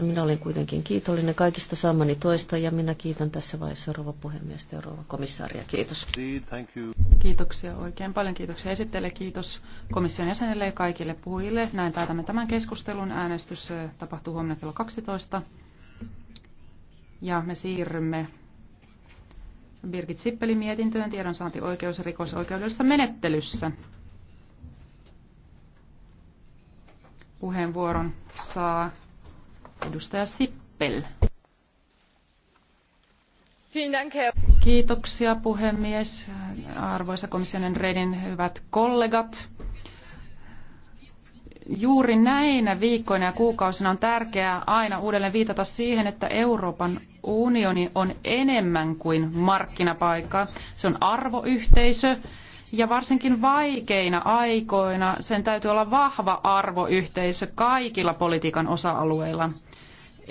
Minä olen kuitenkin kiitollinen kaikista saamani tuesta ja minä kiitän tässä vaiheessa rouva puhemiestä ja rouva komissaaria. Kiitos. Kiitoksia oikein paljon. Kiitoksia esittelijälle. Kiitos komission jäsenelle ja kaikille puhujille. Näin päätämme tämän keskustelun. Äänestys tapahtuu huomenna kello 12. Ja me siirrymme Birgit Sippelin mietintöön tiedonsaantioikeus rikosoikeudellisessa menettelyssä. Puheenvuoron saa Edustaja Sippel. Kiitoksia puhemies, arvoisa komission Redin hyvät kollegat. Juuri näinä viikkoina ja kuukausina on tärkeää aina uudelleen viitata siihen, että Euroopan unioni on enemmän kuin markkinapaikka. Se on arvoyhteisö ja varsinkin vaikeina aikoina sen täytyy olla vahva arvoyhteisö kaikilla politiikan osa-alueilla –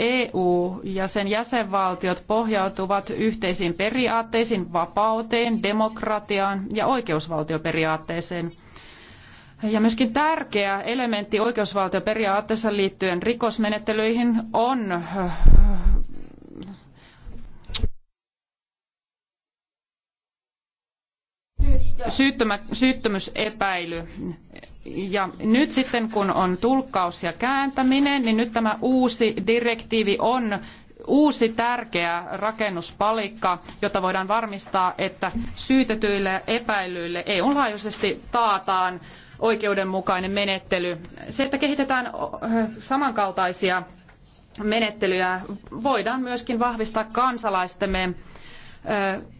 EU ja sen jäsenvaltiot pohjautuvat yhteisiin periaatteisiin, vapauteen, demokratiaan ja oikeusvaltioperiaatteeseen. Ja myöskin tärkeä elementti oikeusvaltioperiaatteessa liittyen rikosmenettelyihin on äh, syyttömyysepäily ja nyt sitten kun on tulkkaus ja kääntäminen, niin nyt tämä uusi direktiivi on uusi tärkeä rakennuspalikka, jotta voidaan varmistaa, että syytetyille ja epäilyille EUn laajuisesti taataan oikeudenmukainen menettely. Se, että kehitetään samankaltaisia menettelyjä, voidaan myöskin vahvistaa kansalaistemme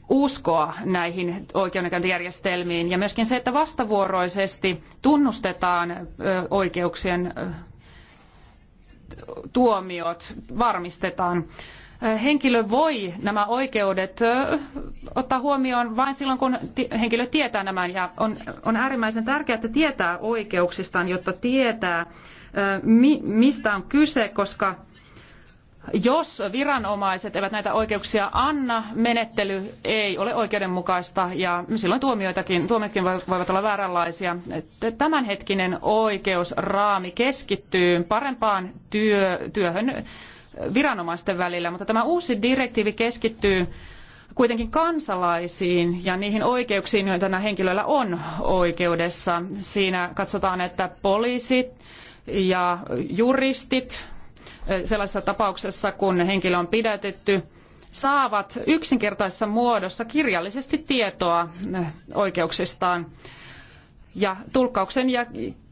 uskoa näihin oikeudenkäyntijärjestelmiin ja myöskin se, että vastavuoroisesti tunnustetaan oikeuksien tuomiot, varmistetaan. Henkilö voi nämä oikeudet ottaa huomioon vain silloin, kun henkilö tietää nämä ja on, on äärimmäisen tärkeää, että tietää oikeuksistaan, jotta tietää, mistä on kyse, koska jos viranomaiset eivät näitä oikeuksia anna, menettely ei ole oikeudenmukaista ja silloin tuomioitakin, tuomiotkin voivat olla vääränlaisia. Tämänhetkinen oikeusraami keskittyy parempaan työ, työhön viranomaisten välillä, mutta tämä uusi direktiivi keskittyy kuitenkin kansalaisiin ja niihin oikeuksiin, joita nämä henkilöillä on oikeudessa. Siinä katsotaan, että poliisit ja juristit sellaisessa tapauksessa, kun henkilö on pidätetty, saavat yksinkertaisessa muodossa kirjallisesti tietoa oikeuksistaan. Ja tulkkauksen ja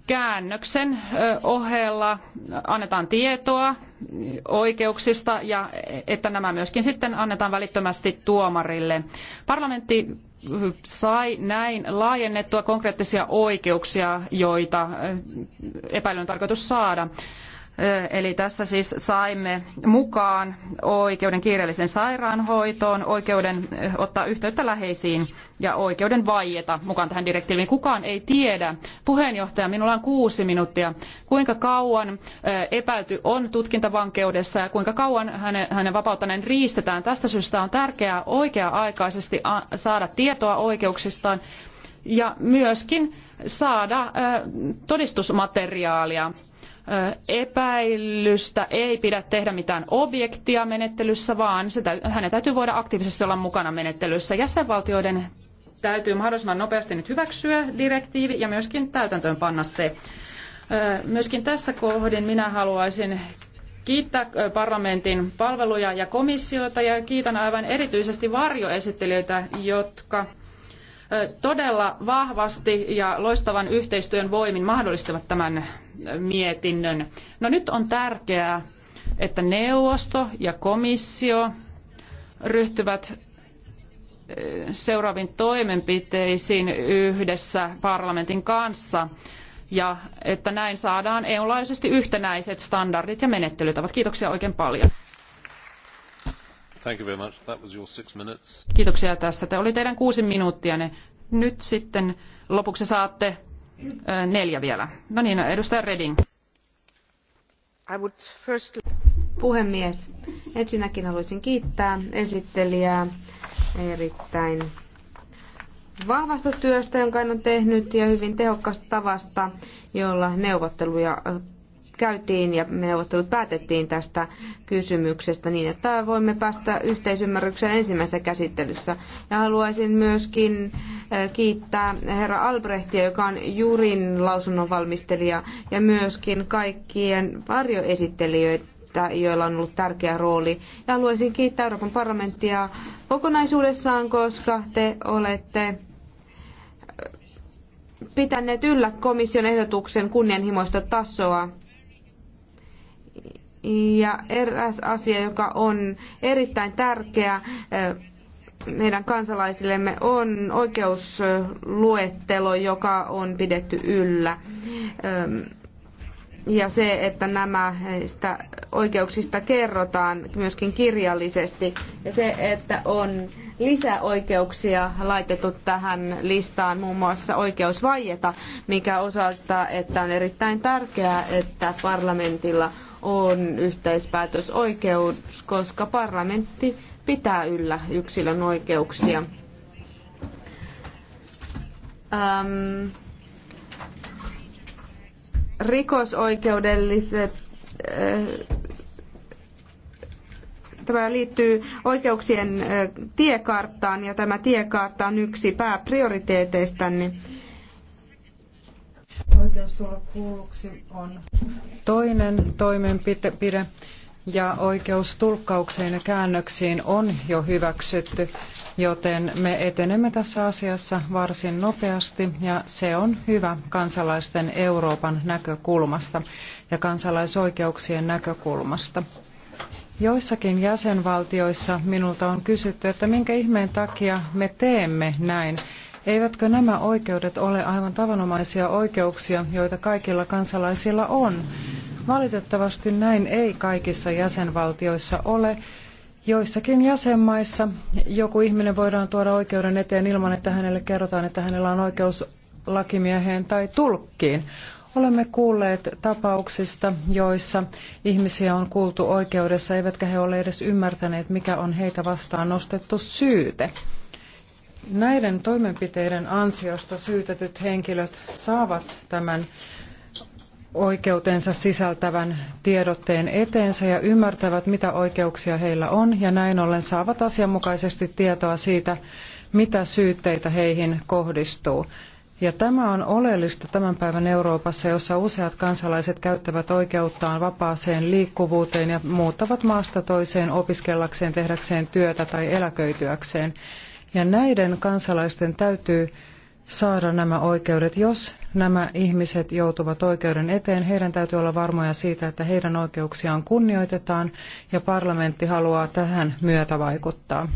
käännöksen ohella annetaan tietoa oikeuksista ja e, että nämä myöskin sitten annetaan välittömästi tuomarille. Parlamentti sai näin laajennettua konkreettisia oikeuksia, joita epäilyn on tarkoitus saada. Eli tässä siis saimme mukaan oikeuden kiireelliseen sairaanhoitoon, oikeuden ottaa yhteyttä läheisiin ja oikeuden vaieta mukaan tähän direktiiviin. Kukaan ei tiedä. Puheenjohtaja, minulla on kuusi minuuttia. Kuinka kauan epäilty on tutkintavankeudessa ja kuinka kauan hänen, hänen vapauttaneen riistetään. Tästä syystä on tärkeää oikea-aikaisesti saada tietoa oikeuksistaan ja myöskin saada todistusmateriaalia epäilystä ei pidä tehdä mitään objektia menettelyssä, vaan se, hänen täytyy voida aktiivisesti olla mukana menettelyssä. Jäsenvaltioiden täytyy mahdollisimman nopeasti nyt hyväksyä direktiivi ja myöskin täytäntöön panna se. Myöskin tässä kohdin minä haluaisin kiittää parlamentin palveluja ja komissiota ja kiitän aivan erityisesti varjoesittelijöitä, jotka todella vahvasti ja loistavan yhteistyön voimin mahdollistavat tämän mietinnön. No nyt on tärkeää, että neuvosto ja komissio ryhtyvät eh, seuraaviin toimenpiteisiin yhdessä parlamentin kanssa ja että näin saadaan EU-laajuisesti yhtenäiset standardit ja menettelytavat. Kiitoksia oikein paljon. Kiitoksia tässä. Te oli teidän kuusi minuuttianne. Nyt sitten lopuksi saatte Neljä vielä. No niin, edustaja Reding. First... Puhemies, ensinnäkin haluaisin kiittää esittelijää erittäin vahvasta työstä, jonka hän on tehnyt, ja hyvin tehokkaasta tavasta, jolla neuvotteluja käytiin ja neuvottelut päätettiin tästä kysymyksestä niin, että voimme päästä yhteisymmärrykseen ensimmäisessä käsittelyssä. Ja haluaisin myöskin eh, kiittää herra Albrehtia, joka on Jurin lausunnonvalmistelija ja myöskin kaikkien varjoesittelijöitä joilla on ollut tärkeä rooli. Ja haluaisin kiittää Euroopan parlamenttia kokonaisuudessaan, koska te olette eh, pitäneet yllä komission ehdotuksen kunnianhimoista tasoa ja eräs asia, joka on erittäin tärkeä eh, meidän kansalaisillemme, on oikeusluettelo, joka on pidetty yllä. Ehm, ja se, että nämä oikeuksista kerrotaan myöskin kirjallisesti. Ja se, että on lisäoikeuksia laitettu tähän listaan, muun muassa oikeus vaieta, mikä osoittaa, että on erittäin tärkeää, että parlamentilla – on yhteispäätösoikeus, koska parlamentti pitää yllä yksilön oikeuksia. Ähm, rikosoikeudelliset äh, Tämä liittyy oikeuksien äh, tiekarttaan ja tämä tiekartta on yksi pääprioriteeteista. Niin Oikeus tulla kuulluksi on toinen toimenpide ja oikeus tulkkaukseen ja käännöksiin on jo hyväksytty, joten me etenemme tässä asiassa varsin nopeasti ja se on hyvä kansalaisten Euroopan näkökulmasta ja kansalaisoikeuksien näkökulmasta. Joissakin jäsenvaltioissa minulta on kysytty, että minkä ihmeen takia me teemme näin Eivätkö nämä oikeudet ole aivan tavanomaisia oikeuksia, joita kaikilla kansalaisilla on? Valitettavasti näin ei kaikissa jäsenvaltioissa ole. Joissakin jäsenmaissa joku ihminen voidaan tuoda oikeuden eteen ilman, että hänelle kerrotaan, että hänellä on oikeus lakimieheen tai tulkkiin. Olemme kuulleet tapauksista, joissa ihmisiä on kuultu oikeudessa, eivätkä he ole edes ymmärtäneet, mikä on heitä vastaan nostettu syyte. Näiden toimenpiteiden ansiosta syytetyt henkilöt saavat tämän oikeutensa sisältävän tiedotteen eteensä ja ymmärtävät, mitä oikeuksia heillä on, ja näin ollen saavat asianmukaisesti tietoa siitä, mitä syytteitä heihin kohdistuu. Ja tämä on oleellista tämän päivän Euroopassa, jossa useat kansalaiset käyttävät oikeuttaan vapaaseen liikkuvuuteen ja muuttavat maasta toiseen opiskellakseen, tehdäkseen työtä tai eläköityäkseen. Ja näiden kansalaisten täytyy saada nämä oikeudet. Jos nämä ihmiset joutuvat oikeuden eteen, heidän täytyy olla varmoja siitä, että heidän oikeuksiaan kunnioitetaan ja parlamentti haluaa tähän myötävaikuttaa.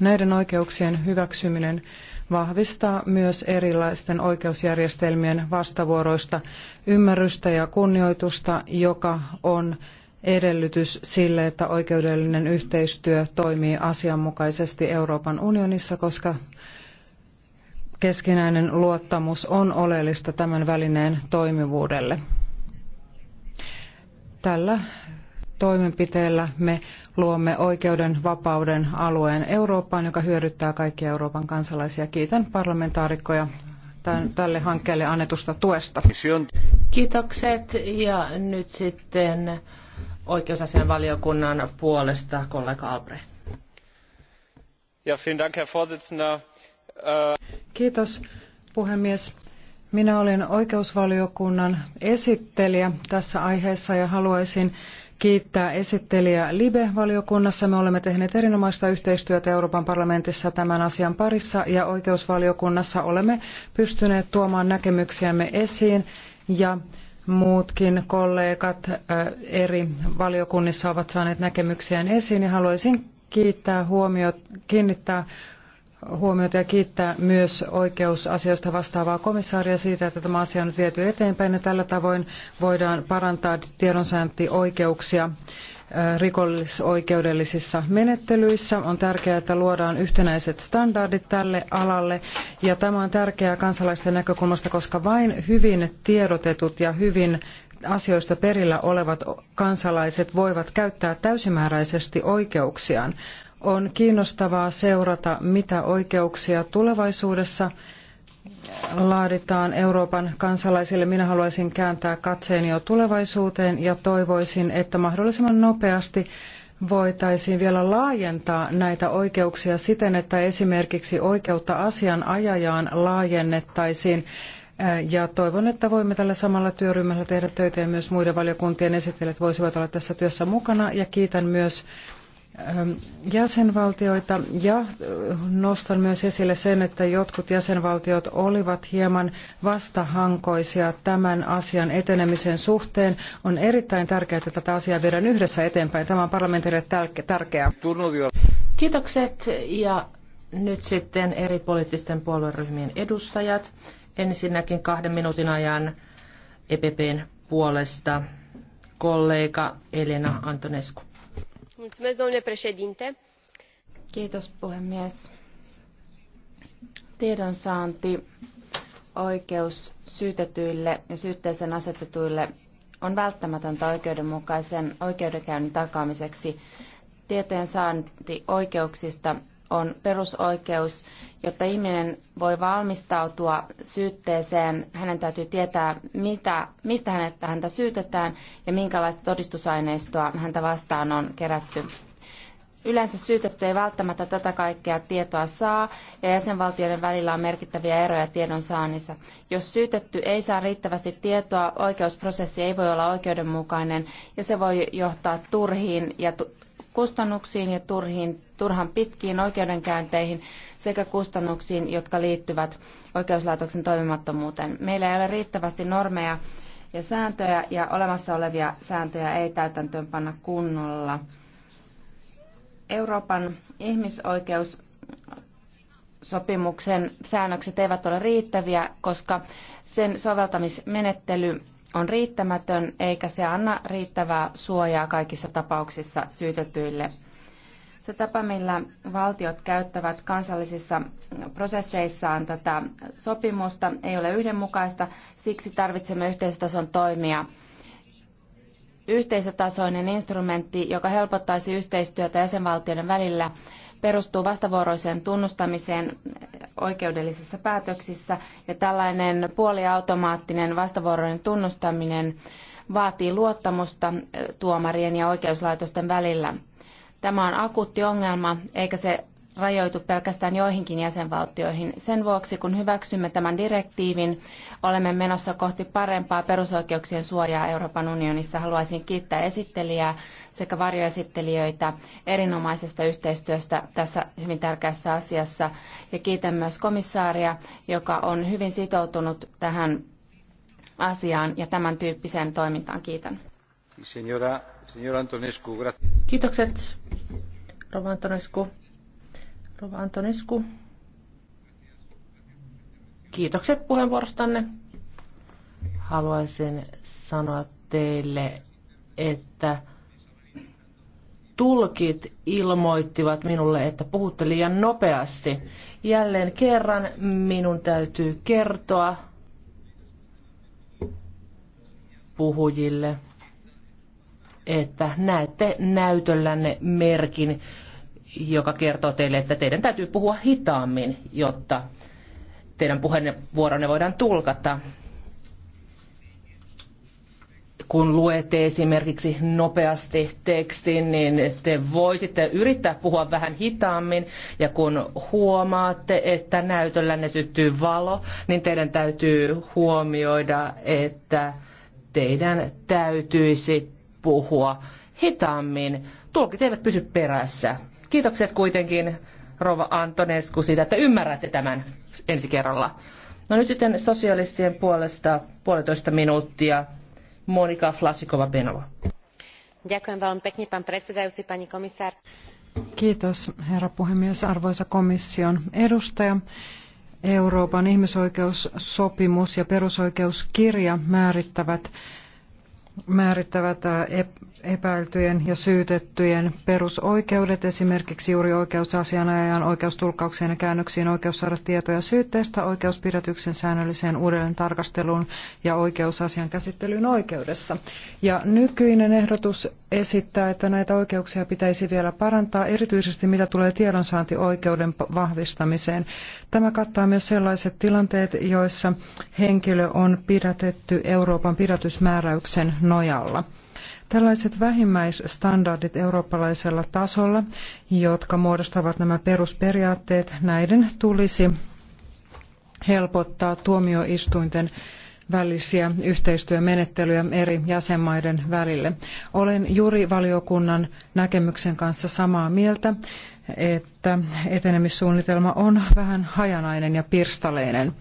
Näiden oikeuksien hyväksyminen vahvistaa myös erilaisten oikeusjärjestelmien vastavuoroista ymmärrystä ja kunnioitusta, joka on edellytys sille, että oikeudellinen yhteistyö toimii asianmukaisesti Euroopan unionissa, koska keskinäinen luottamus on oleellista tämän välineen toimivuudelle. Tällä toimenpiteellä me luomme oikeuden vapauden alueen Eurooppaan, joka hyödyttää kaikkia Euroopan kansalaisia. Kiitän parlamentaarikkoja tälle hankkeelle annetusta tuesta. Kiitokset ja nyt sitten oikeusasian valiokunnan puolesta kollega Albrecht. Ja, dank, Herr Vorsitzender. Äh, Kiitos puhemies. Minä olen oikeusvaliokunnan esittelijä tässä aiheessa ja haluaisin kiittää esittelijä Libe-valiokunnassa. Me olemme tehneet erinomaista yhteistyötä Euroopan parlamentissa tämän asian parissa ja oikeusvaliokunnassa olemme pystyneet tuomaan näkemyksiämme esiin ja muutkin kollegat eri valiokunnissa ovat saaneet näkemyksiään esiin ja haluaisin kiittää huomiot, kiinnittää huomiota ja kiittää myös oikeusasioista vastaavaa komissaaria siitä, että tämä asia on nyt viety eteenpäin ja tällä tavoin voidaan parantaa tiedonsaantioikeuksia oikeuksia rikollisoikeudellisissa menettelyissä. On tärkeää, että luodaan yhtenäiset standardit tälle alalle ja tämä on tärkeää kansalaisten näkökulmasta, koska vain hyvin tiedotetut ja hyvin asioista perillä olevat kansalaiset voivat käyttää täysimääräisesti oikeuksiaan. On kiinnostavaa seurata, mitä oikeuksia tulevaisuudessa laaditaan Euroopan kansalaisille. Minä haluaisin kääntää katseeni jo tulevaisuuteen ja toivoisin, että mahdollisimman nopeasti voitaisiin vielä laajentaa näitä oikeuksia siten, että esimerkiksi oikeutta asianajajaan laajennettaisiin äh, ja toivon, että voimme tällä samalla työryhmällä tehdä töitä ja myös muiden valiokuntien esittelijät voisivat olla tässä työssä mukana. Ja kiitän myös Ähm, jäsenvaltioita ja äh, nostan myös esille sen, että jotkut jäsenvaltiot olivat hieman vastahankoisia tämän asian etenemisen suhteen. On erittäin tärkeää, että tätä asiaa viedään yhdessä eteenpäin. Tämä on parlamentille tärkeää. Kiitokset ja nyt sitten eri poliittisten puolueryhmien edustajat. Ensinnäkin kahden minuutin ajan EPPn puolesta kollega Elena Antonescu domnule președinte. Kiitos puhemies. Tiedonsaanti oikeus syytetyille ja syytteeseen asetetuille on välttämätöntä oikeudenmukaisen oikeudenkäynnin takaamiseksi. Tietojen saanti oikeuksista on perusoikeus. Jotta ihminen voi valmistautua syytteeseen, hänen täytyy tietää, mitä, mistä häntä, häntä syytetään ja minkälaista todistusaineistoa häntä vastaan on kerätty. Yleensä syytetty ei välttämättä tätä kaikkea tietoa saa ja jäsenvaltioiden välillä on merkittäviä eroja tiedon saannissa. Jos syytetty ei saa riittävästi tietoa, oikeusprosessi ei voi olla oikeudenmukainen ja se voi johtaa turhiin ja kustannuksiin ja turhiin, turhan pitkiin oikeudenkäynteihin sekä kustannuksiin, jotka liittyvät oikeuslaitoksen toimimattomuuteen. Meillä ei ole riittävästi normeja ja sääntöjä ja olemassa olevia sääntöjä ei täytäntöön panna kunnolla. Euroopan ihmisoikeussopimuksen säännökset eivät ole riittäviä, koska sen soveltamismenettely on riittämätön eikä se anna riittävää suojaa kaikissa tapauksissa syytetyille. Se tapa, millä valtiot käyttävät kansallisissa prosesseissaan tätä sopimusta, ei ole yhdenmukaista. Siksi tarvitsemme yhteisötason toimia yhteisötasoinen instrumentti, joka helpottaisi yhteistyötä jäsenvaltioiden välillä, perustuu vastavuoroiseen tunnustamiseen oikeudellisissa päätöksissä ja tällainen puoliautomaattinen vastavuoroinen tunnustaminen vaatii luottamusta eh, tuomarien ja oikeuslaitosten välillä. Tämä on akuutti ongelma, eikä se rajoitu pelkästään joihinkin jäsenvaltioihin. Sen vuoksi, kun hyväksymme tämän direktiivin, olemme menossa kohti parempaa perusoikeuksien suojaa Euroopan unionissa. Haluaisin kiittää esittelijää sekä varjoesittelijöitä erinomaisesta yhteistyöstä tässä hyvin tärkeässä asiassa. Ja kiitän myös komissaaria, joka on hyvin sitoutunut tähän asiaan ja tämän tyyppiseen toimintaan. Kiitän. Signora, signora Antonescu, Kiitokset, Rova Antonescu. Rova Antonescu. Kiitokset puheenvuorostanne. Haluaisin sanoa teille, että tulkit ilmoittivat minulle, että puhutte liian nopeasti. Jälleen kerran minun täytyy kertoa puhujille, että näette näytöllänne merkin joka kertoo teille, että teidän täytyy puhua hitaammin, jotta teidän puheenvuoronne voidaan tulkata. Kun luette esimerkiksi nopeasti tekstin, niin te voisitte yrittää puhua vähän hitaammin. Ja kun huomaatte, että näytöllänne syttyy valo, niin teidän täytyy huomioida, että teidän täytyisi puhua hitaammin. Tulkit eivät pysy perässä. Kiitokset kuitenkin Rova Antonescu siitä, että ymmärrätte tämän ensi kerralla. No nyt sitten sosialistien puolesta puolitoista minuuttia. Monika Flasikova Benova. Kiitos, herra puhemies, arvoisa komission edustaja. Euroopan ihmisoikeussopimus ja perusoikeuskirja määrittävät tämä epäiltyjen ja syytettyjen perusoikeudet, esimerkiksi juuri oikeusasianajan, oikeustulkkaukseen ja käännöksiin, oikeus saada tietoja syytteestä, oikeus pidätyksen säännölliseen uudelleen tarkasteluun ja oikeusasian käsittelyyn oikeudessa. Ja nykyinen ehdotus esittää, että näitä oikeuksia pitäisi vielä parantaa, erityisesti mitä tulee tiedonsaantioikeuden vahvistamiseen. Tämä kattaa myös sellaiset tilanteet, joissa henkilö on pidätetty Euroopan pidätysmääräyksen nojalla. Tällaiset vähimmäisstandardit eurooppalaisella tasolla, jotka muodostavat nämä perusperiaatteet, näiden tulisi helpottaa tuomioistuinten välisiä yhteistyömenettelyjä eri jäsenmaiden välille. Olen jurivaliokunnan näkemyksen kanssa samaa mieltä, että etenemissuunnitelma on vähän hajanainen ja pirstaleinen.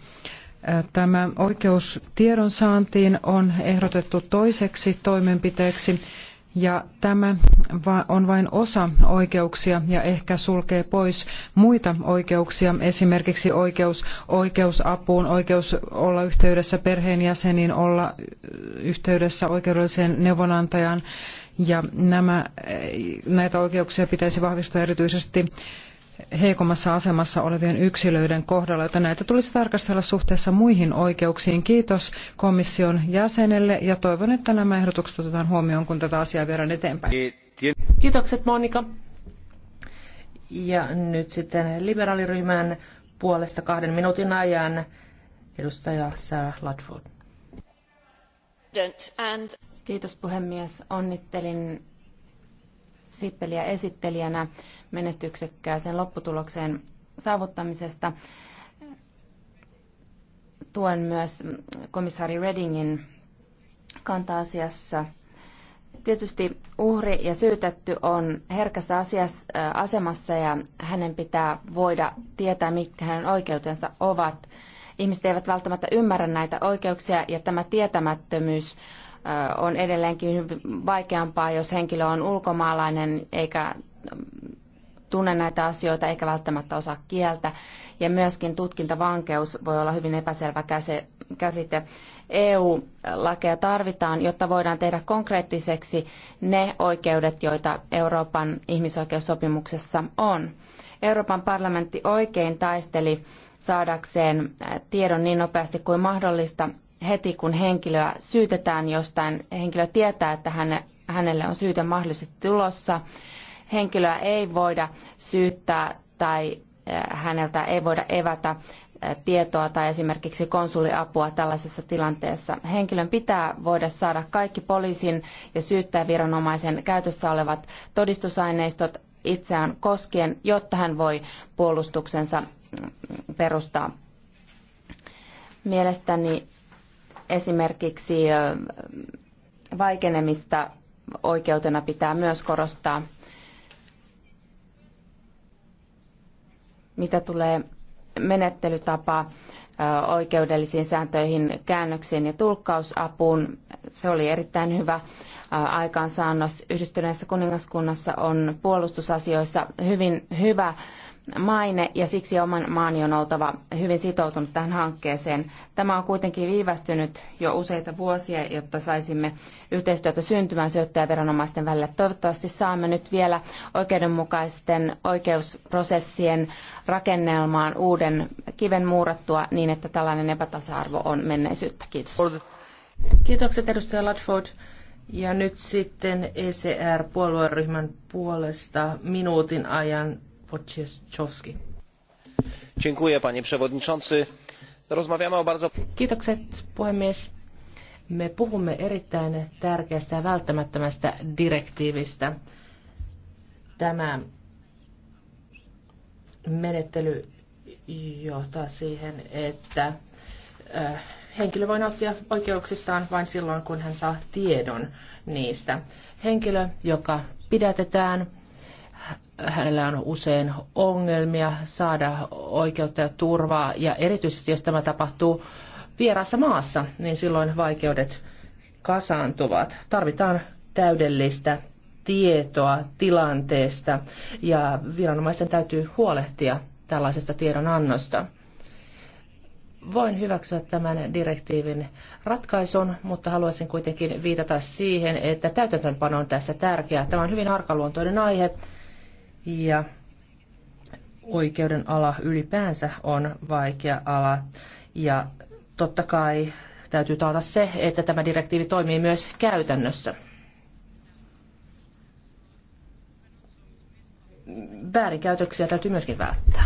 Tämä oikeus tiedonsaantiin on ehdotettu toiseksi toimenpiteeksi ja tämä on vain osa oikeuksia ja ehkä sulkee pois muita oikeuksia, esimerkiksi oikeus oikeusapuun, oikeus olla yhteydessä perheenjäseniin, olla yhteydessä oikeudelliseen neuvonantajaan ja nämä, näitä oikeuksia pitäisi vahvistaa erityisesti heikommassa asemassa olevien yksilöiden kohdalla, että näitä tulisi tarkastella suhteessa muihin oikeuksiin. Kiitos komission jäsenelle ja toivon, että nämä ehdotukset otetaan huomioon, kun tätä asiaa viedään eteenpäin. Kiitokset Monika. Ja nyt sitten liberaaliryhmän puolesta kahden minuutin ajan edustaja Sarah Ludford. Kiitos puhemies. Onnittelin Sippeliä esittelijänä menestyksekkääseen lopputulokseen saavuttamisesta. Tuen myös komissaari Reddingin kanta-asiassa. Tietysti uhri ja syytetty on herkässä asiassa, asemassa ja hänen pitää voida tietää, mitkä hänen oikeutensa ovat. Ihmiset eivät välttämättä ymmärrä näitä oikeuksia ja tämä tietämättömyys on edelleenkin vaikeampaa, jos henkilö on ulkomaalainen eikä tunne näitä asioita eikä välttämättä osaa kieltä. Ja myöskin tutkintavankeus voi olla hyvin epäselvä käsite. EU-lakeja tarvitaan, jotta voidaan tehdä konkreettiseksi ne oikeudet, joita Euroopan ihmisoikeussopimuksessa on. Euroopan parlamentti oikein taisteli saadakseen tiedon niin nopeasti kuin mahdollista heti, kun henkilöä syytetään jostain, henkilö tietää, että häne, hänelle on syytä mahdollisesti tulossa. Henkilöä ei voida syyttää tai eh, häneltä ei voida evätä eh, tietoa tai esimerkiksi konsuliapua tällaisessa tilanteessa. Henkilön pitää voida saada kaikki poliisin ja syyttäjäviranomaisen käytössä olevat todistusaineistot itseään koskien, jotta hän voi puolustuksensa mm, perustaa. Mielestäni Esimerkiksi vaikenemista oikeutena pitää myös korostaa. Mitä tulee menettelytapa oikeudellisiin sääntöihin, käännöksiin ja tulkkausapuun, se oli erittäin hyvä aikaansaannos. Yhdistyneessä kuningaskunnassa on puolustusasioissa hyvin hyvä maine ja siksi oman maani on oltava hyvin sitoutunut tähän hankkeeseen. Tämä on kuitenkin viivästynyt jo useita vuosia, jotta saisimme yhteistyötä syntymään syöttäjäviranomaisten välillä. Toivottavasti saamme nyt vielä oikeudenmukaisten oikeusprosessien rakennelmaan uuden kiven muurattua niin, että tällainen epätasa-arvo on menneisyyttä. Kiitos. Kiitokset edustaja Ladford. Ja nyt sitten ECR-puolueryhmän puolesta minuutin ajan panie przewodniczący. Me puhumme erittäin tärkeästä ja välttämättömästä direktiivistä. Tämä menettely johtaa siihen, että äh, henkilö voi nauttia oikeuksistaan vain silloin, kun hän saa tiedon niistä. Henkilö, joka pidätetään, hänellä on usein ongelmia saada oikeutta ja turvaa, ja erityisesti jos tämä tapahtuu vieraassa maassa, niin silloin vaikeudet kasaantuvat. Tarvitaan täydellistä tietoa tilanteesta, ja viranomaisten täytyy huolehtia tällaisesta tiedonannosta. Voin hyväksyä tämän direktiivin ratkaisun, mutta haluaisin kuitenkin viitata siihen, että täytäntöönpano on tässä tärkeää. Tämä on hyvin arkaluontoinen aihe, ja oikeuden ala ylipäänsä on vaikea ala. Ja totta kai täytyy taata se, että tämä direktiivi toimii myös käytännössä. Väärinkäytöksiä täytyy myöskin välttää.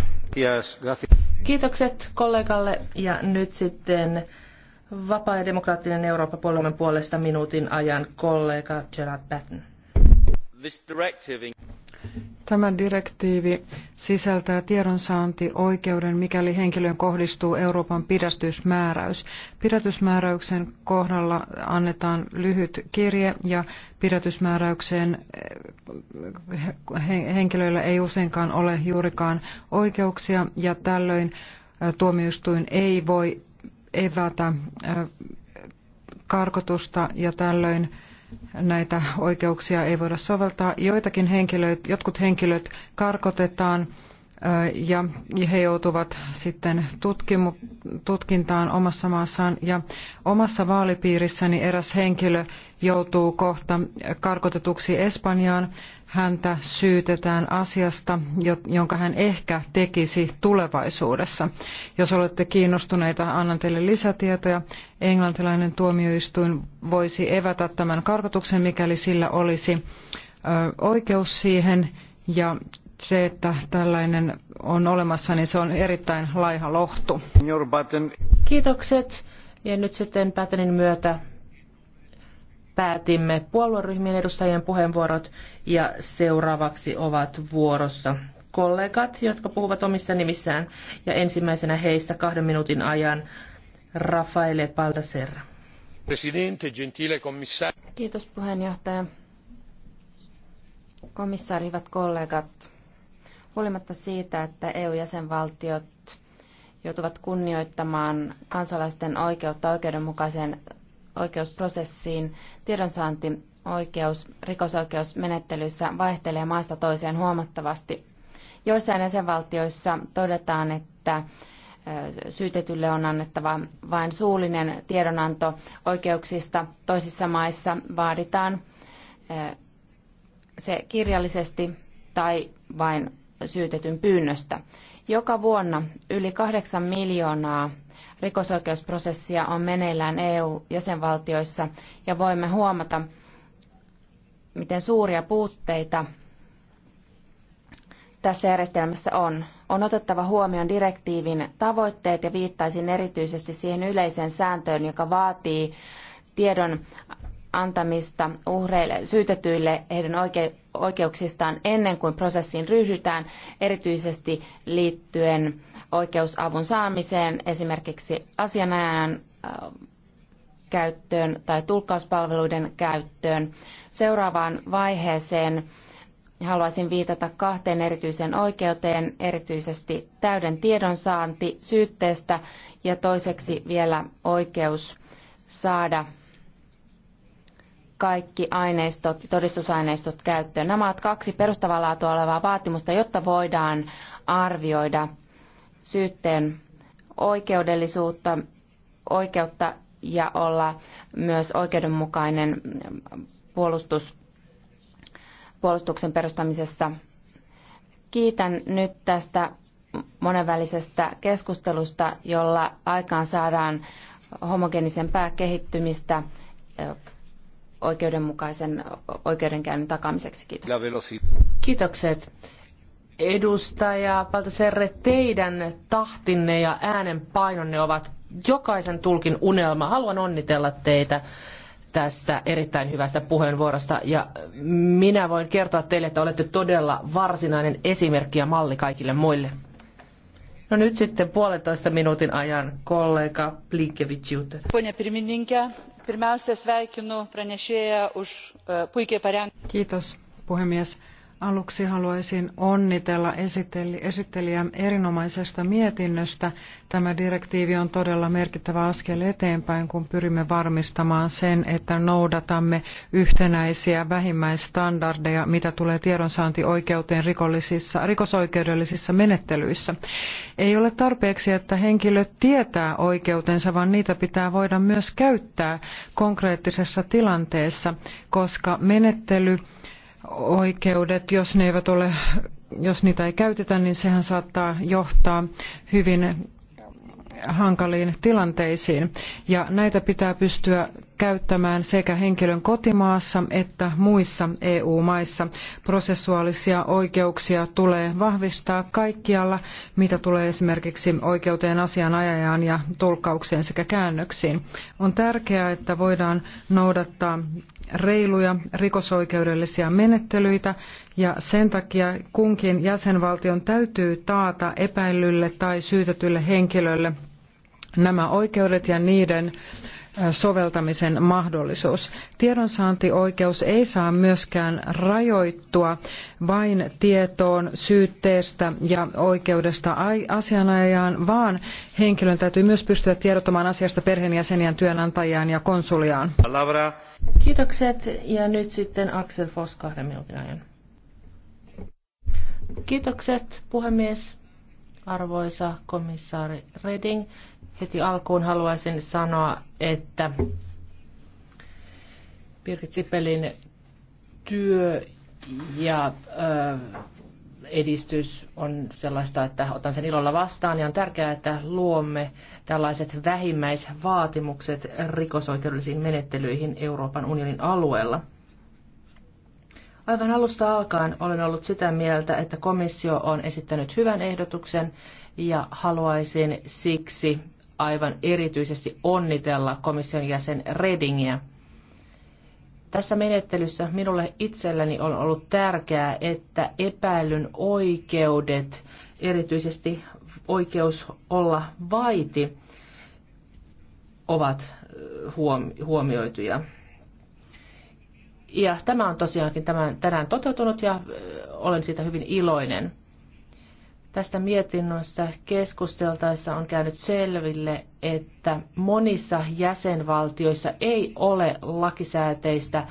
Kiitokset kollegalle ja nyt sitten Vapaa ja demokraattinen Eurooppa puolueen puolesta minuutin ajan kollega Gerard Batten. Tämä direktiivi sisältää tiedonsaantioikeuden, mikäli henkilöön kohdistuu Euroopan pidätysmääräys. Pidätysmääräyksen kohdalla annetaan lyhyt kirje ja pidätysmääräykseen eh, henkilöillä ei useinkaan ole juurikaan oikeuksia ja tällöin eh, tuomioistuin ei voi evätä eh, karkotusta ja tällöin näitä oikeuksia ei voida soveltaa. Joitakin jotkut henkilöt karkotetaan ja he joutuvat sitten tutkimu, tutkintaan omassa maassaan. Ja omassa vaalipiirissäni eräs henkilö joutuu kohta karkotetuksi Espanjaan häntä syytetään asiasta, jonka hän ehkä tekisi tulevaisuudessa. Jos olette kiinnostuneita, annan teille lisätietoja. Englantilainen tuomioistuin voisi evätä tämän karkotuksen, mikäli sillä olisi oikeus siihen. Ja se, että tällainen on olemassa, niin se on erittäin laiha lohtu. Kiitokset. Ja nyt sitten Pätenin myötä päätimme puolueryhmien edustajien puheenvuorot ja seuraavaksi ovat vuorossa kollegat, jotka puhuvat omissa nimissään ja ensimmäisenä heistä kahden minuutin ajan Rafaele Paldaserra. Presidente, gentile komissaari. Kiitos puheenjohtaja. Komissaari, hyvät kollegat. Huolimatta siitä, että EU-jäsenvaltiot joutuvat kunnioittamaan kansalaisten oikeutta oikeudenmukaiseen oikeusprosessiin, tiedonsaanti oikeus rikosoikeusmenettelyissä vaihtelee maasta toiseen huomattavasti. Joissain jäsenvaltioissa todetaan, että syytetylle on annettava vain suullinen tiedonanto oikeuksista. Toisissa maissa vaaditaan se kirjallisesti tai vain syytetyn pyynnöstä. Joka vuonna yli kahdeksan miljoonaa rikosoikeusprosessia on meneillään EU-jäsenvaltioissa ja voimme huomata, miten suuria puutteita tässä järjestelmässä on. On otettava huomioon direktiivin tavoitteet ja viittaisin erityisesti siihen yleiseen sääntöön, joka vaatii tiedon antamista uhreille, syytetyille heidän oike- oikeuksistaan ennen kuin prosessiin ryhdytään, erityisesti liittyen oikeusavun saamiseen, esimerkiksi asianajan käyttöön tai tulkkauspalveluiden käyttöön. Seuraavaan vaiheeseen haluaisin viitata kahteen erityiseen oikeuteen, erityisesti täyden tiedonsaanti syytteestä ja toiseksi vielä oikeus saada kaikki aineistot, todistusaineistot käyttöön. Nämä ovat kaksi perustavaa olevaa vaatimusta, jotta voidaan arvioida syytteen oikeudellisuutta, oikeutta ja olla myös oikeudenmukainen puolustus, puolustuksen perustamisessa. Kiitän nyt tästä monenvälisestä keskustelusta, jolla aikaan saadaan homogenisempää kehittymistä oikeudenmukaisen oikeudenkäynnin takamiseksi. Kiitos. Kiitokset. Edustaja Paltaserre, teidän tahtinne ja äänen painonne ovat jokaisen tulkin unelma. Haluan onnitella teitä tästä erittäin hyvästä puheenvuorosta ja minä voin kertoa teille, että olette todella varsinainen esimerkki ja malli kaikille muille. No nyt sitten puolentoista minuutin ajan kollega Blinkevičiūtė. Pone e, Kiitos puhemies. Aluksi haluaisin onnitella esittelijän erinomaisesta mietinnöstä. Tämä direktiivi on todella merkittävä askel eteenpäin, kun pyrimme varmistamaan sen, että noudatamme yhtenäisiä vähimmäisstandardeja, mitä tulee tiedonsaantioikeuteen rikollisissa, rikosoikeudellisissa menettelyissä. Ei ole tarpeeksi, että henkilö tietää oikeutensa, vaan niitä pitää voida myös käyttää konkreettisessa tilanteessa, koska menettely oikeudet, jos, ne eivät ole, jos niitä ei käytetä, niin sehän saattaa johtaa hyvin hankaliin tilanteisiin. Ja näitä pitää pystyä käyttämään sekä henkilön kotimaassa että muissa EU-maissa. Prosessuaalisia oikeuksia tulee vahvistaa kaikkialla, mitä tulee esimerkiksi oikeuteen asianajajaan ja tulkkaukseen sekä käännöksiin. On tärkeää, että voidaan noudattaa reiluja rikosoikeudellisia menettelyitä ja sen takia kunkin jäsenvaltion täytyy taata epäillylle tai syytetylle henkilölle nämä oikeudet ja niiden soveltamisen mahdollisuus. Tiedonsaantioikeus ei saa myöskään rajoittua vain tietoon syytteestä ja oikeudesta asianajajaan, vaan henkilön täytyy myös pystyä tiedottamaan asiasta perheenjäseniään, työnantajaan ja konsuliaan. Kiitokset ja nyt sitten Axel Foss kahden minuutin ajan. Kiitokset puhemies, arvoisa komissaari Reding. Heti alkuun haluaisin sanoa, että Birgit Sipelin työ ja ö, edistys on sellaista, että otan sen ilolla vastaan ja on tärkeää, että luomme tällaiset vähimmäisvaatimukset rikosoikeudellisiin menettelyihin Euroopan unionin alueella. Aivan alusta alkaen olen ollut sitä mieltä, että komissio on esittänyt hyvän ehdotuksen ja haluaisin siksi aivan erityisesti onnitella komission jäsen Redingiä. Tässä menettelyssä minulle itselläni on ollut tärkeää, että epäilyn oikeudet, erityisesti oikeus olla vaiti, ovat huomioituja. Ja tämä on tosiaankin tämän, tänään toteutunut ja olen siitä hyvin iloinen. Tästä mietinnöstä keskusteltaessa on käynyt selville, että monissa jäsenvaltioissa ei ole lakisääteistä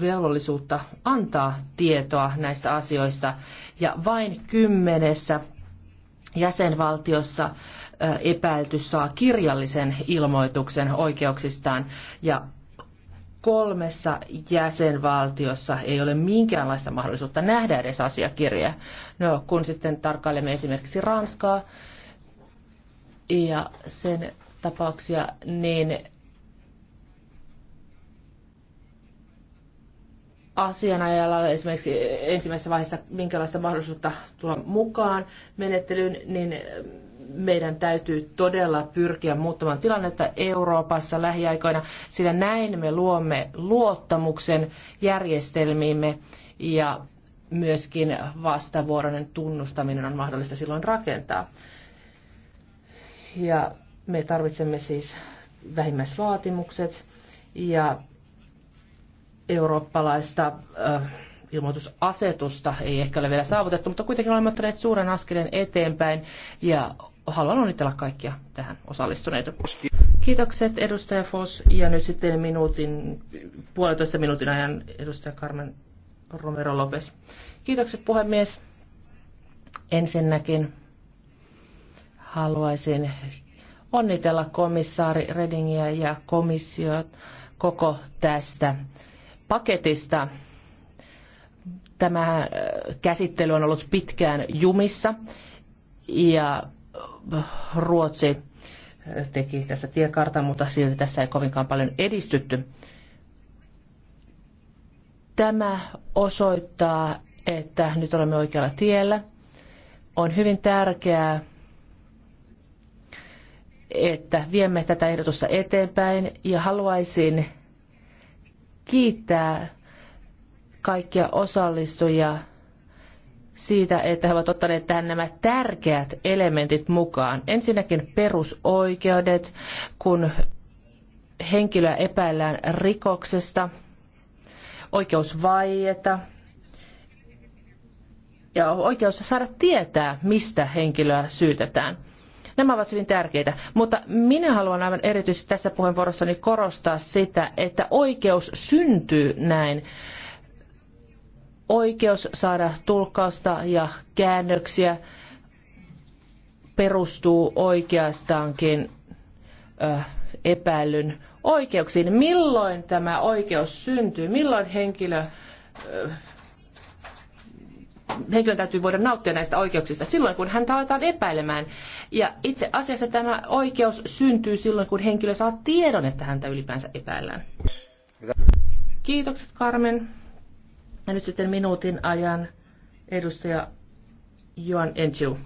velvollisuutta antaa tietoa näistä asioista ja vain kymmenessä jäsenvaltiossa epäilty saa kirjallisen ilmoituksen oikeuksistaan ja kolmessa jäsenvaltiossa ei ole minkäänlaista mahdollisuutta nähdä edes asiakirjaa. No, kun sitten tarkkailemme esimerkiksi Ranskaa ja sen tapauksia, niin asianajalla esimerkiksi ensimmäisessä vaiheessa minkälaista mahdollisuutta tulla mukaan menettelyyn, niin meidän täytyy todella pyrkiä muuttamaan tilannetta Euroopassa lähiaikoina, sillä näin me luomme luottamuksen järjestelmiimme ja myöskin vastavuoroinen tunnustaminen on mahdollista silloin rakentaa. Ja me tarvitsemme siis vähimmäisvaatimukset ja eurooppalaista ilmoitusasetusta ei ehkä ole vielä saavutettu, mutta kuitenkin olemme ottaneet suuren askeleen eteenpäin ja haluan onnitella kaikkia tähän osallistuneita. Kiitokset edustaja Foss ja nyt sitten minuutin, puolitoista minuutin ajan edustaja Carmen Romero Lopes. Kiitokset puhemies. Ensinnäkin haluaisin onnitella komissaari Redingia ja komissiot koko tästä paketista. Tämä äh, käsittely on ollut pitkään jumissa ja Ruotsi teki tässä tiekartan, mutta silti tässä ei kovinkaan paljon edistytty. Tämä osoittaa, että nyt olemme oikealla tiellä. On hyvin tärkeää, että viemme tätä ehdotusta eteenpäin ja haluaisin kiittää kaikkia osallistujia siitä, että he ovat ottaneet tähän nämä tärkeät elementit mukaan. Ensinnäkin perusoikeudet, kun henkilöä epäillään rikoksesta, oikeus vaieta ja oikeus saada tietää, mistä henkilöä syytetään. Nämä ovat hyvin tärkeitä, mutta minä haluan aivan erityisesti tässä puheenvuorossani korostaa sitä, että oikeus syntyy näin oikeus saada tulkkausta ja käännöksiä perustuu oikeastaankin epäilyn oikeuksiin. Milloin tämä oikeus syntyy? Milloin henkilö, henkilön täytyy voida nauttia näistä oikeuksista? Silloin, kun häntä aletaan epäilemään. Ja itse asiassa tämä oikeus syntyy silloin, kun henkilö saa tiedon, että häntä ylipäänsä epäillään. Kiitokset, Carmen. Ja nyt sitten minuutin ajan edustaja Joan Enchiu.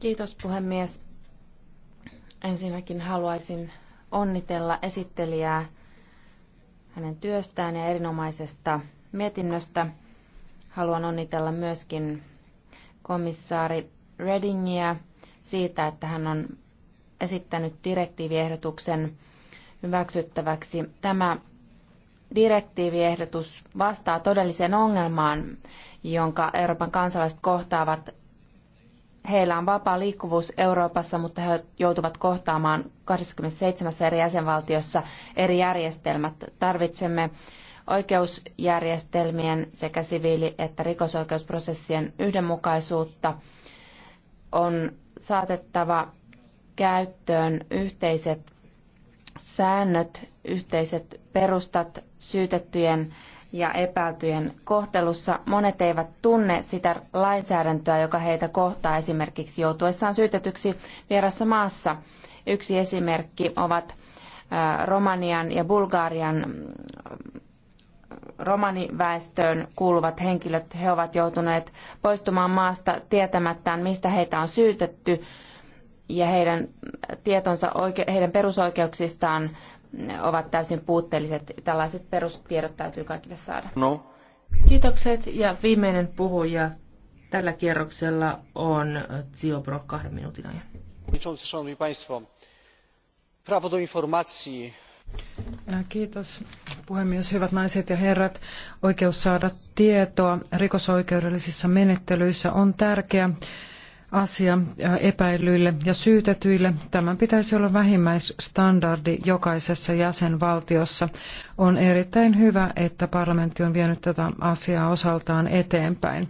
Kiitos puhemies. Ensinnäkin haluaisin onnitella esittelijää hänen työstään ja erinomaisesta mietinnöstä. Haluan onnitella myöskin komissaari Redingiä siitä, että hän on esittänyt direktiiviehdotuksen hyväksyttäväksi. Tämä direktiiviehdotus vastaa todelliseen ongelmaan, jonka Euroopan kansalaiset kohtaavat. Heillä on vapaa liikkuvuus Euroopassa, mutta he joutuvat kohtaamaan 27 eri jäsenvaltiossa eri järjestelmät. Tarvitsemme oikeusjärjestelmien sekä siviili- että rikosoikeusprosessien yhdenmukaisuutta. On saatettava käyttöön yhteiset säännöt, yhteiset perustat syytettyjen ja epäiltyjen kohtelussa. Monet eivät tunne sitä lainsäädäntöä, joka heitä kohtaa esimerkiksi joutuessaan syytetyksi vierassa maassa. Yksi esimerkki ovat äh, Romanian ja Bulgarian äh, romaniväestöön kuuluvat henkilöt. He ovat joutuneet poistumaan maasta tietämättään, mistä heitä on syytetty ja heidän tietonsa oike- heidän perusoikeuksistaan ovat täysin puutteelliset. Tällaiset perustiedot täytyy kaikille saada. No. Kiitokset ja viimeinen puhuja tällä kierroksella on Ziobro kahden minuutin ajan. Äh, kiitos puhemies, hyvät naiset ja herrat. Oikeus saada tietoa rikosoikeudellisissa menettelyissä on tärkeä asia epäilyille ja syytetyille. Tämän pitäisi olla vähimmäisstandardi jokaisessa jäsenvaltiossa. On erittäin hyvä, että parlamentti on vienyt tätä asiaa osaltaan eteenpäin.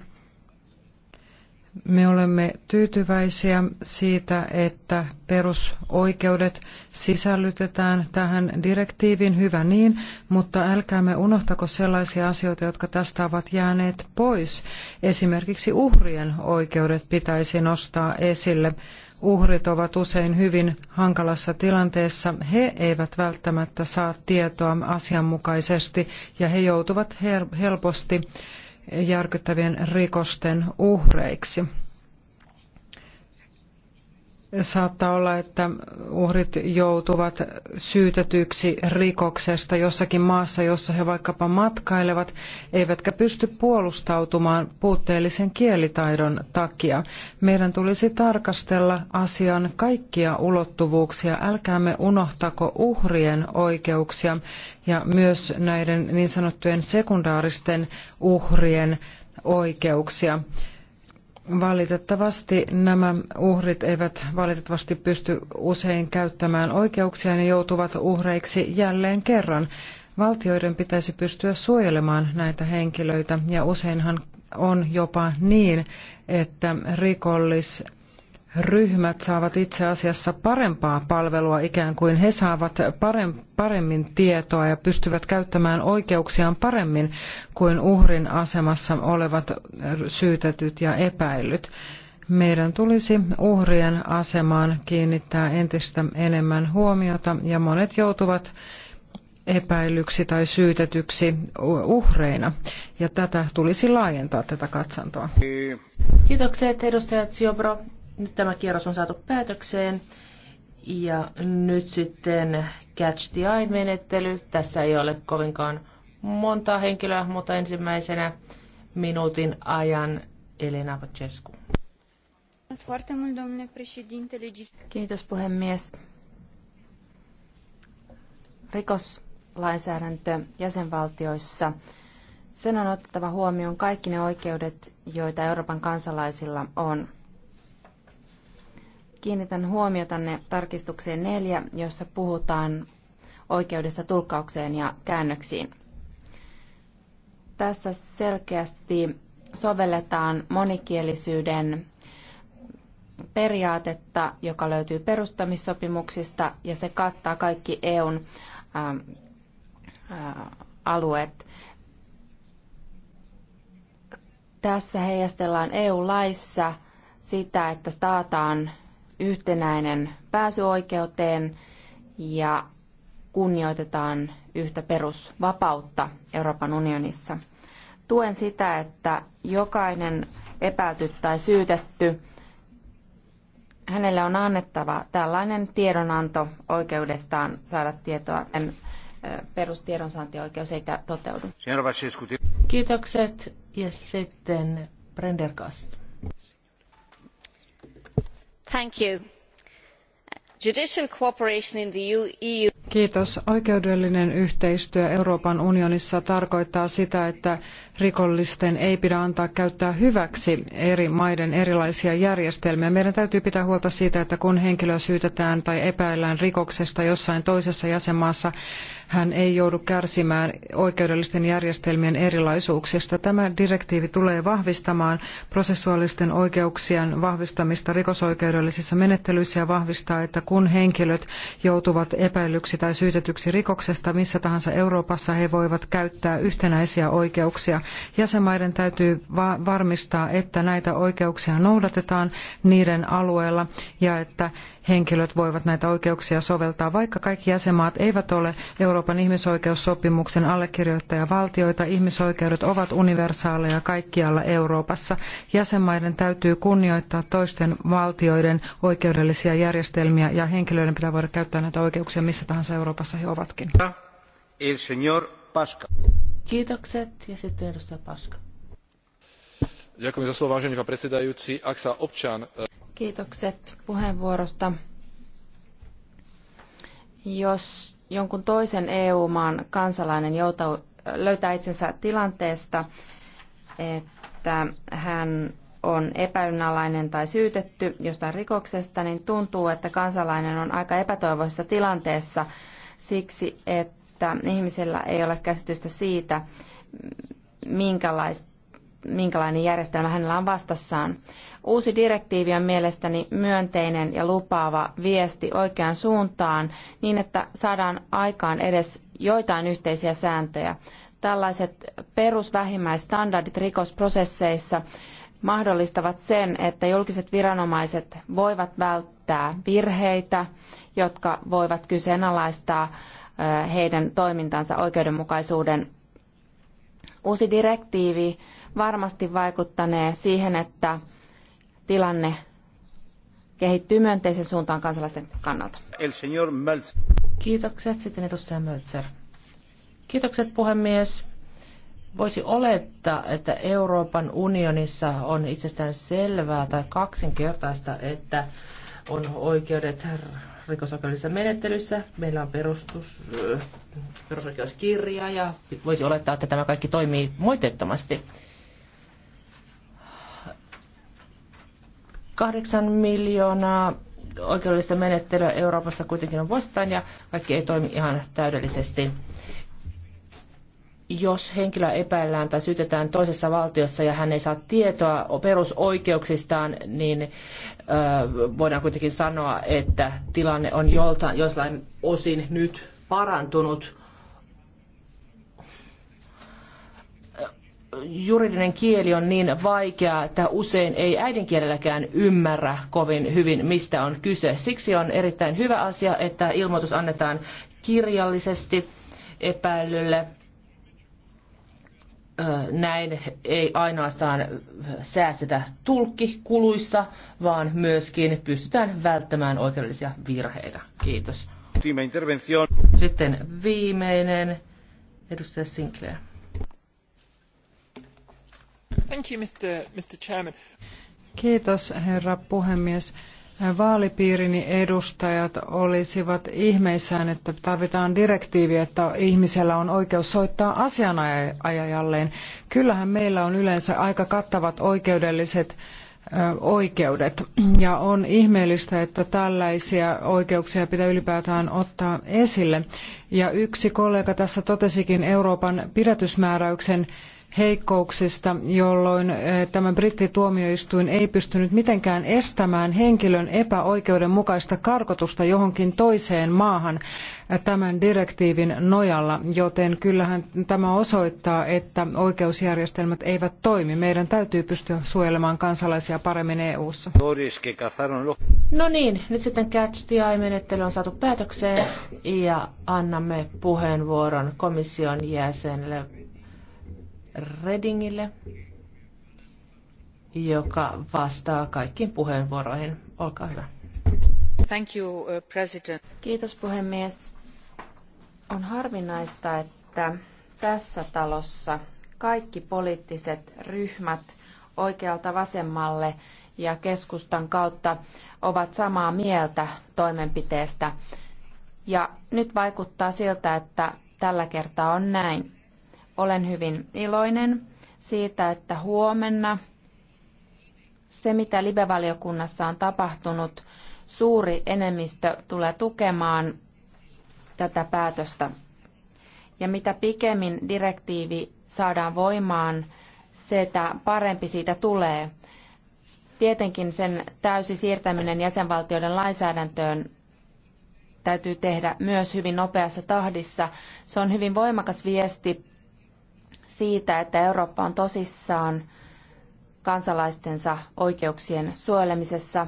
Me olemme tyytyväisiä siitä, että perusoikeudet sisällytetään tähän direktiiviin, hyvä niin, mutta älkäämme unohtako sellaisia asioita, jotka tästä ovat jääneet pois. Esimerkiksi uhrien oikeudet pitäisi nostaa esille. Uhrit ovat usein hyvin hankalassa tilanteessa. He eivät välttämättä saa tietoa asianmukaisesti ja he joutuvat helposti järkyttävien rikosten uhreiksi. Saattaa olla, että uhrit joutuvat syytetyiksi rikoksesta jossakin maassa, jossa he vaikkapa matkailevat, eivätkä pysty puolustautumaan puutteellisen kielitaidon takia. Meidän tulisi tarkastella asian kaikkia ulottuvuuksia. Älkäämme unohtako uhrien oikeuksia ja myös näiden niin sanottujen sekundaaristen uhrien oikeuksia. Valitettavasti nämä uhrit eivät valitettavasti pysty usein käyttämään oikeuksia ja joutuvat uhreiksi jälleen kerran. Valtioiden pitäisi pystyä suojelemaan näitä henkilöitä ja useinhan on jopa niin, että rikollis ryhmät saavat itse asiassa parempaa palvelua, ikään kuin he saavat paremmin tietoa ja pystyvät käyttämään oikeuksiaan paremmin kuin uhrin asemassa olevat syytetyt ja epäillyt. Meidän tulisi uhrien asemaan kiinnittää entistä enemmän huomiota ja monet joutuvat epäilyksi tai syytetyksi uhreina. Ja tätä tulisi laajentaa tätä katsantoa. Kiitoksia edustajat Siobro. Nyt tämä kierros on saatu päätökseen. Ja nyt sitten Catch the Eye-menettely. Tässä ei ole kovinkaan monta henkilöä, mutta ensimmäisenä minuutin ajan Elena Pacescu. Kiitos puhemies. Rikoslainsäädäntö jäsenvaltioissa. Sen on otettava huomioon kaikki ne oikeudet, joita Euroopan kansalaisilla on. Kiinnitän huomiotanne tarkistukseen neljä, jossa puhutaan oikeudesta tulkkaukseen ja käännöksiin. Tässä selkeästi sovelletaan monikielisyyden periaatetta, joka löytyy perustamissopimuksista ja se kattaa kaikki EUn ä, ähm, ä, äh, alueet. Tässä heijastellaan EU-laissa sitä, että taataan yhtenäinen pääsyoikeuteen ja kunnioitetaan yhtä perusvapautta Euroopan unionissa. Tuen sitä, että jokainen epäilty tai syytetty, hänelle on annettava tällainen tiedonanto oikeudestaan saada tietoa. Perustiedonsaantioikeus ei toteudu. Kiitokset ja sitten Brendergast. Thank you. Judicial cooperation in the EU. E Kiitos. Oikeudellinen yhteistyö Euroopan unionissa tarkoittaa sitä, että rikollisten ei pidä antaa käyttää hyväksi eri maiden erilaisia järjestelmiä. Meidän täytyy pitää huolta siitä, että kun henkilöä syytetään tai epäillään rikoksesta jossain toisessa jäsenmaassa, hän ei joudu kärsimään oikeudellisten järjestelmien erilaisuuksista. Tämä direktiivi tulee vahvistamaan prosessuaalisten oikeuksien vahvistamista rikosoikeudellisissa menettelyissä ja vahvistaa, että kun henkilöt joutuvat epäillyksi tai syytetyksi rikoksesta missä tahansa Euroopassa, he voivat käyttää yhtenäisiä oikeuksia. Jäsenmaiden täytyy varmistaa, että näitä oikeuksia noudatetaan niiden alueella ja että henkilöt voivat näitä oikeuksia soveltaa. Vaikka kaikki jäsenmaat eivät ole Euroopan ihmisoikeussopimuksen allekirjoittajavaltioita, ihmisoikeudet ovat universaaleja kaikkialla Euroopassa. Jäsenmaiden täytyy kunnioittaa toisten valtioiden oikeudellisia järjestelmiä ja henkilöiden pitää voida käyttää näitä oikeuksia missä tahansa Euroopassa he ovatkin. Kiitokset ja sitten edustaja vážený pán predsedajúci. Ak sa občan... E, Kiitokset puheenvuorosta. Jos jonkun toisen EU-maan kansalainen joutuu, löytää itsensä tilanteesta, että hän on epäilynalainen tai syytetty jostain rikoksesta, niin tuntuu, että kansalainen on aika epätoivoisessa tilanteessa siksi, että että ihmisillä ei ole käsitystä siitä, minkälaista minkälainen järjestelmä hänellä on vastassaan. Uusi direktiivi on mielestäni myönteinen ja lupaava viesti oikeaan suuntaan niin, että saadaan aikaan edes joitain yhteisiä sääntöjä. Tällaiset perusvähimmäistandardit rikosprosesseissa mahdollistavat sen, että julkiset viranomaiset voivat välttää virheitä, jotka voivat kyseenalaistaa heidän toimintansa oikeudenmukaisuuden. Uusi direktiivi varmasti vaikuttanee siihen, että tilanne kehittyy myönteisen suuntaan kansalaisten kannalta. El señor Kiitokset. Sitten edustaja Möltser. Kiitokset puhemies. Voisi olettaa, että Euroopan unionissa on itsestään selvää tai kaksinkertaista, että on oikeudet rikosoikeudellisessa menettelyssä. Meillä on perustus, perusoikeuskirja ja voisi olettaa, että tämä kaikki toimii moitettomasti. Kahdeksan miljoonaa oikeudellista menettelyä Euroopassa kuitenkin on vastaan ja kaikki ei toimi ihan täydellisesti. Jos henkilöä epäillään tai syytetään toisessa valtiossa ja hän ei saa tietoa perusoikeuksistaan, niin voidaan kuitenkin sanoa, että tilanne on joltain, jossain osin nyt parantunut. Juridinen kieli on niin vaikea, että usein ei äidinkielelläkään ymmärrä kovin hyvin, mistä on kyse. Siksi on erittäin hyvä asia, että ilmoitus annetaan kirjallisesti epäilylle – näin ei ainoastaan säästetä tulkkikuluissa, vaan myöskin pystytään välttämään oikeudellisia virheitä. Kiitos. Sitten viimeinen, edustaja Sinclair. Thank you, Mr. Mr. Chairman. Kiitos, herra puhemies. Vaalipiirini edustajat olisivat ihmeissään, että tarvitaan direktiivi, että ihmisellä on oikeus soittaa asianajajalleen. Kyllähän meillä on yleensä aika kattavat oikeudelliset oikeudet. Ja on ihmeellistä, että tällaisia oikeuksia pitää ylipäätään ottaa esille. Ja yksi kollega tässä totesikin Euroopan pidätysmääräyksen heikkouksista, jolloin eh, tämä brittituomioistuin ei pystynyt mitenkään estämään henkilön epäoikeudenmukaista karkotusta johonkin toiseen maahan eh, tämän direktiivin nojalla, joten kyllähän tämä osoittaa, että oikeusjärjestelmät eivät toimi. Meidän täytyy pystyä suojelemaan kansalaisia paremmin EU-ssa. No niin, nyt sitten catch the menettely on saatu päätökseen ja annamme puheenvuoron komission jäsenelle Redingille, joka vastaa kaikkiin puheenvuoroihin. Olkaa hyvä. Thank you, uh, President. Kiitos puhemies. On harvinaista, että tässä talossa kaikki poliittiset ryhmät oikealta vasemmalle ja keskustan kautta ovat samaa mieltä toimenpiteestä. Ja nyt vaikuttaa siltä, että tällä kertaa on näin. Olen hyvin iloinen siitä, että huomenna se, mitä libevaliokunnassa valiokunnassa on tapahtunut, suuri enemmistö tulee tukemaan tätä päätöstä. Ja mitä pikemmin direktiivi saadaan voimaan, sitä parempi siitä tulee. Tietenkin sen täysi siirtäminen jäsenvaltioiden lainsäädäntöön täytyy tehdä myös hyvin nopeassa tahdissa. Se on hyvin voimakas viesti siitä, että Eurooppa on tosissaan kansalaistensa oikeuksien suojelemisessa.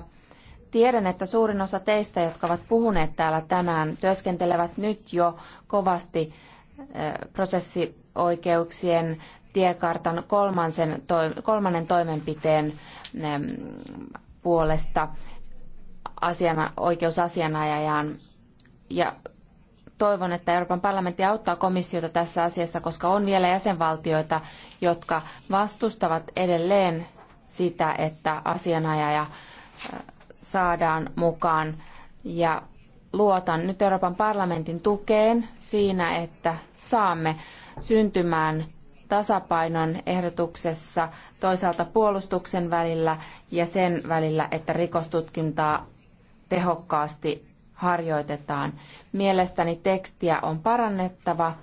Tiedän, että suurin osa teistä, jotka ovat puhuneet täällä tänään, työskentelevät nyt jo kovasti prosessioikeuksien tiekartan kolmansen, kolmannen toimenpiteen mm, puolesta asiana, oikeusasianajajan ja toivon, että Euroopan parlamentti auttaa komissiota tässä asiassa, koska on vielä jäsenvaltioita, jotka vastustavat edelleen sitä, että asianajaja saadaan mukaan. Ja luotan nyt Euroopan parlamentin tukeen siinä, että saamme syntymään tasapainon ehdotuksessa toisaalta puolustuksen välillä ja sen välillä, että rikostutkintaa tehokkaasti harjoitetaan. Mielestäni tekstiä on parannettava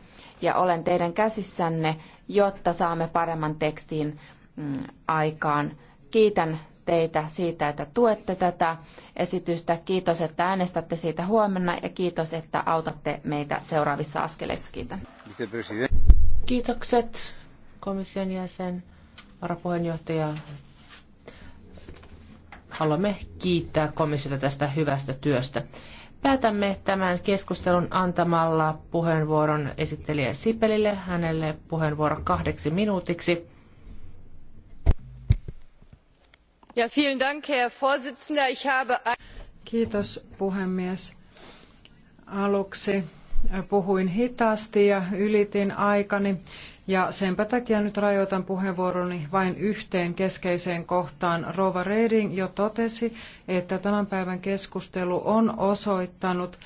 ja olen teidän käsissänne, jotta saamme paremman tekstin mm, aikaan. Kiitän teitä siitä, että tuette tätä esitystä. Kiitos, että äänestätte siitä huomenna ja kiitos, että autatte meitä seuraavissa askeleissa. Kiitän. Kiitokset komission jäsen, varapuheenjohtaja. Haluamme kiittää komissiota tästä hyvästä työstä. Päätämme tämän keskustelun antamalla puheenvuoron esittelijä Sipelille, hänelle puheenvuoro kahdeksi minuutiksi. Ja, vielen Dank, Herr Vorsitzender. Ich habe... Kiitos puhemies. Aluksi puhuin hitaasti ja ylitin aikani. Ja senpä takia nyt rajoitan puheenvuoroni vain yhteen keskeiseen kohtaan. Rova Reding jo totesi, että tämän päivän keskustelu on osoittanut,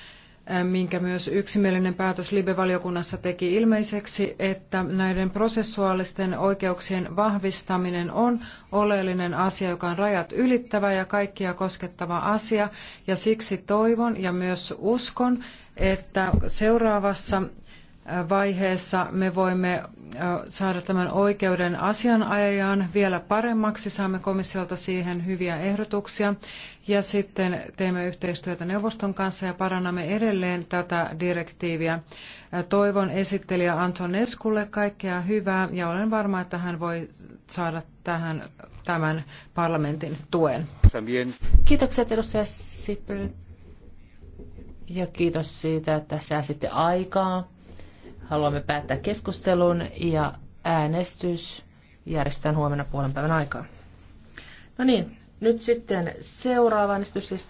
äh, minkä myös yksimielinen päätös Libe-valiokunnassa teki ilmeiseksi, että näiden prosessuaalisten oikeuksien vahvistaminen on oleellinen asia, joka on rajat ylittävä ja kaikkia koskettava asia. Ja siksi toivon ja myös uskon, että seuraavassa vaiheessa me voimme saada tämän oikeuden asianajajan vielä paremmaksi. Saamme komissiolta siihen hyviä ehdotuksia ja sitten teemme yhteistyötä neuvoston kanssa ja parannamme edelleen tätä direktiiviä. Toivon esittelijä Antoneskulle kaikkea hyvää ja olen varma, että hän voi saada tähän tämän parlamentin tuen. Kiitokset edustaja Sippel. Ja kiitos siitä, että sääsitte aikaa haluamme päättää keskustelun ja äänestys järjestetään huomenna puolen päivän aikaa. No niin, nyt sitten seuraava äänestyslista.